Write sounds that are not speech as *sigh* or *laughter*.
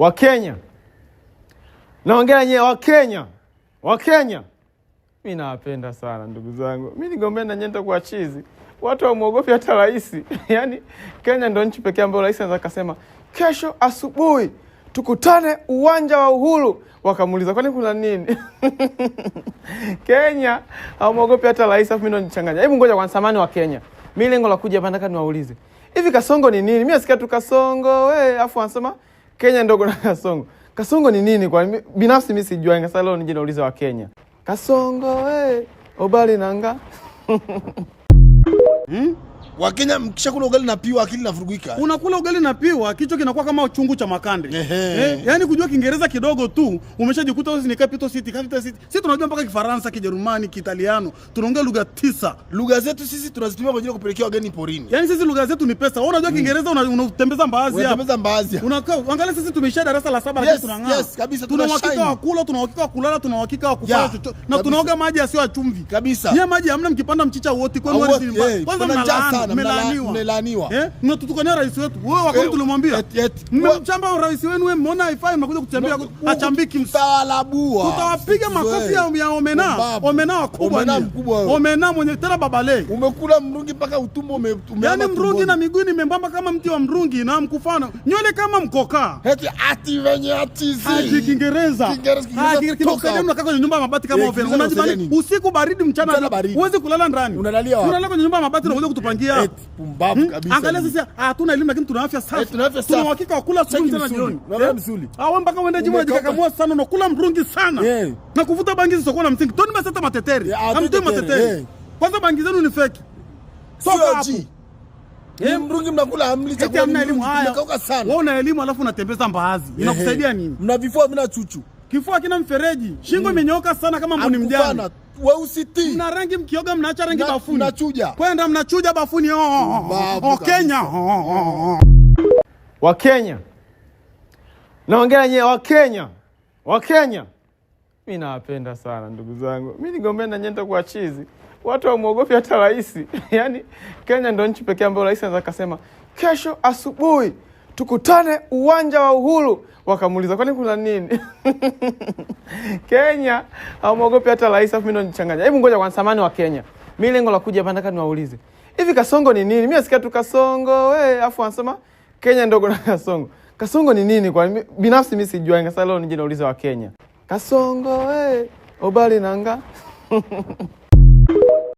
Wakenya, naongea wenyewe Wakenya, Wakenya, mi nawapenda sana ndugu zangu. Mi nigombea na nyendo kwa chizi, watu wamwogopi hata rais *laughs* yaani Kenya ndo nchi pekee ambayo rais anaweza kasema kesho asubuhi tukutane uwanja wa Uhuru, wakamuuliza kwani kuna nini? *laughs* Kenya amwogopi hata rais. Afu mi ndo nichanganya, hebu ngoja kwanza, samani wa Kenya, mi lengo la kuja hapa nataka niwaulize hivi Kasongo ni nini? Mi asikia tu Kasongo we, afu anasema Kenya ndogo na Kasongo. Kasongo ni nini? Kwa binafsi mimi sijui, ngasa leo nije nauliza wa Kenya. Kasongo we, obali nanga. *laughs* hmm? Wakenya kula ugali na piwa akili navurugika. Unakula ugali na piwa kichwa kinakuwa kama uchungu cha makande. Eh, yaani kujua Kiingereza kidogo tu umeshajikuta wewe ni capital city, capital city. Sisi tunajua mpaka Kifaransa, Kijerumani, Kiitaliano. Tunaongea lugha tisa. Lugha zetu sisi tunazitumia kwa ajili ya kupelekea wageni porini. Yaani sisi lugha zetu ni pesa. Wewe unajua mm. Kiingereza mm. unatembeza una mbaazi hapa. Unatembeza mbaazi. Unakaa angalia sisi tumeisha darasa la saba yes, tunang'aa. Yes, kabisa tuna uhakika wa kula, tuna uhakika wa kulala, tuna uhakika wa kufanya yeah, chochote. Na tunaoga maji asiyo ya chumvi. Kabisa. Ni maji hamna mkipanda mchicha wote kwani wewe eh, kwanza mnalaana mmelaaniwa, mnatutukania eh? rais wetu. Wewe wakati eh, tulimwambia eh, mmemchamba rais wenu, wewe mmeona haifai, mnakuja kuchambia achambiki, tutawapiga makofi ya omena omena wakubwa omena mwenye tena babale. Umekula mrungi mpaka utumbo umetumia, yani mrungi na miguu ni membamba kama mti wa mrungi na mkufana nywele kama mkoka, eti ati venye ati si Kiingereza Kiingereza, unakaa kwenye nyumba ya mabati kama ovena, unajibani usiku baridi, mchana huwezi kulala ndani, unalalia unalala kwenye nyumba ya mabati na uweze kutupangia Eti pumbavu hmm? kabisa. Angalia sisi ah, hatuna elimu lakini tuna afya safi. Eh, tuna afya safi. Tuna uhakika wa kula sumu tena jioni. Unaona msuli. Eh? Ah, wewe mpaka uende jimu unajikakamua sana na kula mrungi sana. Eh. Na kuvuta bangi zisizokuwa na msingi. Toni maseta mateteri. Ah, Hamtoi mateteri. Kwanza bangi zenu ni fake. Toka hapo. Mrungi mnakula hamli chakula. Eti hamna Wewe una elimu alafu unatembeza mbaazi. Inakusaidia nini? Mna vifua vina chuchu. Kifua kina mfereji, shingo mm. imenyooka mm. sana kama mbuni mjani weusi ti. Mna rangi mkioga, mnaacha rangi bafuni. Mnachuja. Kwenda mnachuja bafuni. Oh, oh, oh, oh. oh Kenya. Oh, oh, oh. Wakenya. Naongea nyewe Wakenya. Wakenya. Mimi nawapenda sana ndugu zangu. Mimi nigombea na nyenda kwa chizi. Watu wamwogopi hata rais. *laughs* Yaani Kenya ndio nchi pekee ambayo rais anaweza kusema kesho asubuhi tukutane uwanja wa Uhuru. Wakamuuliza kwani kuna nini? *laughs* Kenya hawamwogopi hata rais, afu mimi ndo nichanganya. Hebu ngoja kwanza, samani wa Kenya, mi lengo la kuja pandaka niwaulize hivi Kasongo ni nini? Mi nasikia tu Kasongo eh, afu anasema Kenya ndogo na Kasongo. Kasongo ni nini? Kwa binafsi mi sijua, sasa leo nije nauliza wa Kenya. Kasongo eh, obali nanga *laughs*